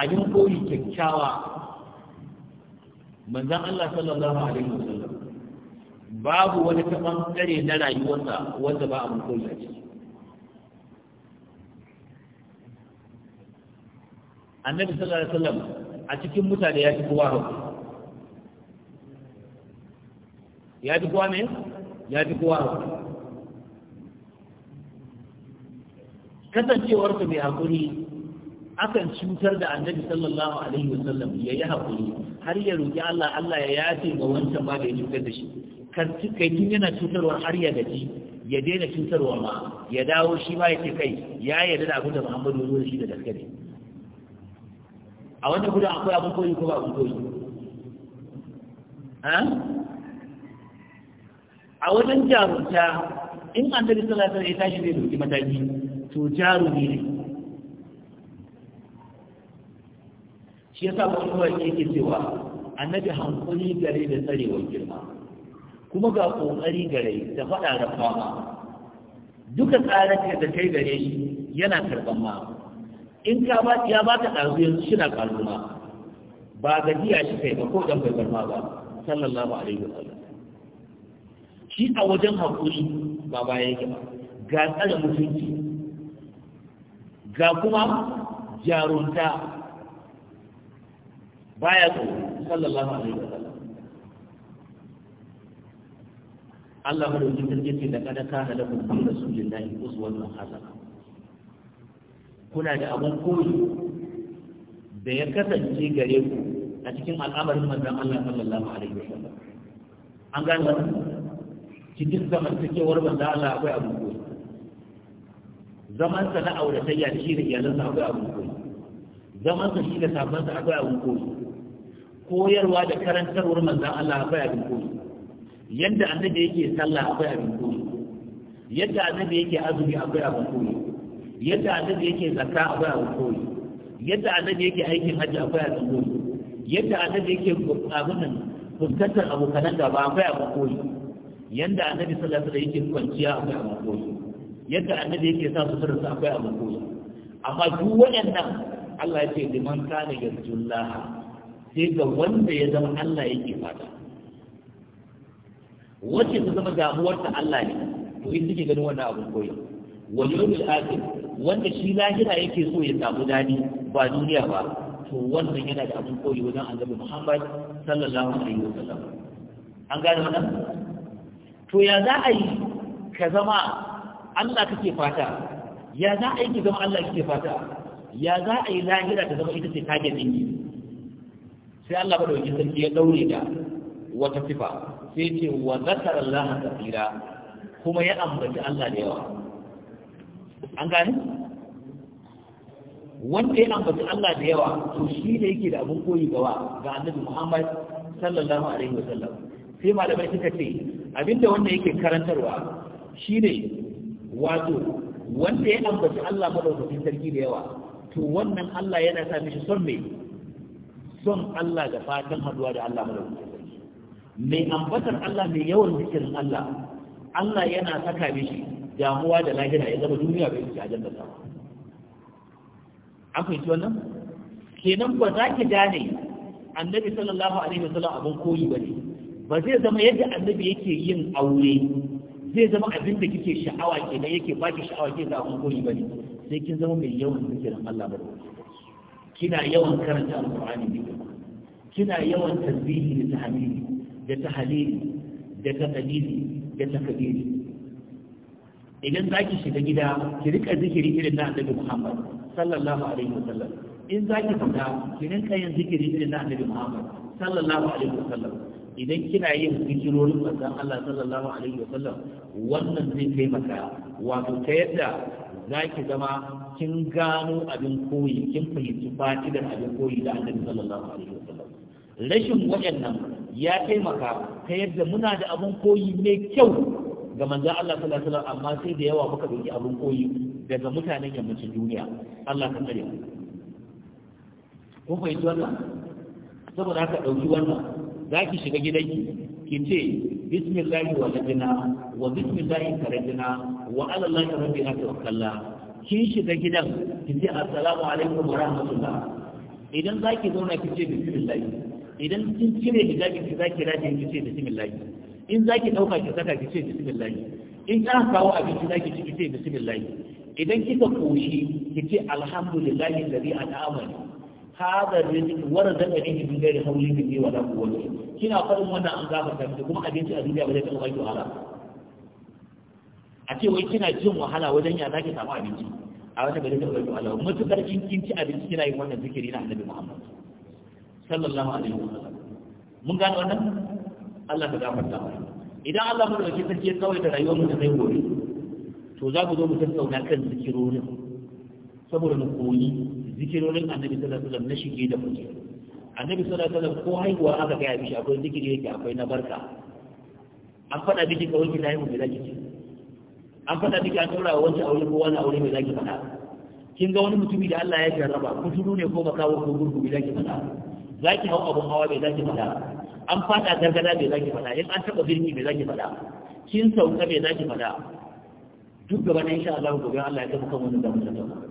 abin koyi kyakkyawa manzan Allah sallallahu alaihi wasallam babu wani kaman kare na rayuwarsa wanda ba abin koyi a ciki annabi sallallahu alaihi wasallam a cikin mutane ya fi kowa hakuri ya fi kowa ne ya fi kowa kasancewar su mai hakuri akan cutar da annabi sallallahu alaihi wa sallam ya yi hakuri har ya roƙi Allah Allah ya yafe ga wancan ba da ya cutar da shi kai tun yana cutarwa har ya gaji ya daina cutarwa ma ya dawo shi ma ya ce kai ya yarda da abin da Muhammadu zo da shi da gaske a wannan gudun akwai abin koyi ko ba abin koyi a wajen jarumta in an da bisa wasallam ya tashi zai dauki mataki to jarumi ne shi yasa kuma ke ke cewa annabi hankali gare da tsarewar girma kuma ga kokari gare da faɗa da fama duka tsarin da kai gare shi yana karɓar ma in ka ba ya ba ta ɗazu yanzu shi na ƙarfi ma ba gajiya shi kai ba ko ɗan bai ba sallallahu alaihi sallam shi a wajen haƙuri ba ya yake ba ga tsare mutunci ga kuma jarunta baya tsoro sallallahu alaihi wa sallam Allah madaukin sarki ce da kada ka hada kun da rasulillahi uswatun hasana kuna da abun koyi da ya kasance gare ku a cikin al'amarin manzon Allah sallallahu alaihi wa sallam an gane wannan cikin zamantakewar banda Allah akwai abin koyi zaman na auratayya shi da iyalansa akwai abin koyi zaman sa shi da sabon akwai abin koyi koyarwa da karantarwar manzan Allah akwai abin koyi yadda annabi yake sallah akwai abin koyi yadda annabi yake azumi akwai abin koyi yadda annabi yake zakka akwai abin koyi yadda annabi yake aikin hajji akwai abin koyi yadda annabi yake abin nan fuskantar abokanan gaba akwai abin koyi yanda annabi sallallahu alaihi wasallam yake kwanciya akwai a makoyi yadda annabi yake sa suturarsa akwai a makoyi amma duk waɗannan Allah ya ce liman kana yarjullaha sai ga wanda ya zama Allah yake fata wacce ta zama damuwar ta Allah ne to in take ganin wannan abin koyi wa yawmil akhir wanda shi lahira yake so ya samu dadi ba duniya ba to wannan yana da abin koyi wajen annabi Muhammad sallallahu alaihi wasallam an gane wannan to ya za a yi ka zama Allah kake fata ya za a yi ka zama Allah kake fata ya za a yi lahira ta zama ita ce kage din ki sai Allah ba da wajen sarki ya daure da wata sifa sai ce wa zakara Allah kafira kuma ya ambaci Allah da yawa an gane wanda ya ambaci Allah da yawa to shi ne yake da abin koyi gawa ga annabi Muhammad sallallahu alaihi wasallam sai malamai suka ce abinda wanda yake karantarwa shi ne wato wanda ya ambaci Allah madaukakin sarki da yawa to wannan Allah yana sa mishi son mai son Allah da fatan haduwa da Allah madaukakin sarki mai ambatar Allah mai yawan zikirin Allah Allah yana saka mishi damuwa da lahira ya zama duniya bai ci ajanda ta an fahimci wannan kenan ba za ki gane annabi sallallahu alaihi wasallam abun koyi bane ba zai zama yadda annabi yake yin aure zai zama abin da kike sha'awa ke kenan yake ba ki sha'awa ke zaɓin gori ba ne sai kin zama mai yawan zikirin Allah ba kina yawan karanta alƙur'ani ne kina yawan tasbihi da tahmidi da tahlili da takadiri da takadiri idan za ki shiga gida ki rika zikiri irin na annabi Muhammad sallallahu alaihi wasallam in za ki fita ki rinka yin zikiri irin na annabi Muhammad sallallahu alaihi wasallam idan kina yin zikirorin manzon Allah sallallahu alaihi wa sallam wannan zai taimaka wato ta yadda za ki zama kin gano abin koyi kin fahimci fa'idar abin koyi da Annabi sallallahu alaihi wa sallam rashin waɗannan ya taimaka ta yadda muna da abin koyi mai kyau ga manzan Allah sallallahu alaihi wa sallam amma sai da yawa muka dauki abin koyi daga mutanen yammacin duniya Allah ka tsare mu kun fahimci wannan saboda haka ɗauki wannan za ki shiga gidanki ki ce bismillahi walajina wa bismillahi karajina wa ala allahi rabbina tawakkala kin shiga gidan ki ce assalamu alaikum wa rahmatullah idan za ki zauna ki ce bismillahi idan kin cire hijabin ki za ki rage ki ce bismillahi in za ki ɗauka ki saka ki ce bismillahi in ka kawo abinci za ki ci ki ce bismillahi idan kika koshi ki ce alhamdulillahi alladhi at'amani hada rizqi wa razaqani min ghairi hawli minni wa la quwwati kina faɗin wannan an gafarta miki kuma abinci a duniya ba zai taɓa baki wahala a ce wai kina jin wahala wajen ya zaki samu abinci a wata gari taɓa baki wahala matukar in kin ci abinci kina yin wannan zikiri na annabi Muhammad sallallahu alaihi wa sallam mun gane wannan Allah ta gafarta mana idan Allah mu dauki sarki ya tsawaita rayuwar mu ta sai gobe to za mu zo mu tattauna kan zikirorin saboda mu koyi zikirorin annabi sallallahu alaihi wasallam na shige da fice annabi sallallahu alaihi wasallam ko haihuwa aka gaya mishi akwai zikiri yake akwai na barka an faɗa biki kawai ki tayi mu zaki ce an faɗa biki an tura wancan aure ko wani aure mai zaki faɗa kin ga wani mutumi da Allah ya jarraba tudu ne ko makawo ko gurgu mai zaki faɗa zaki hau abun hawa mai zaki faɗa an fada gargada mai zaki faɗa in an taɓa birni mai zaki faɗa kin sauka mai zaki faɗa duk gaba na insha Allah gobe Allah ya tafi kan wannan da mu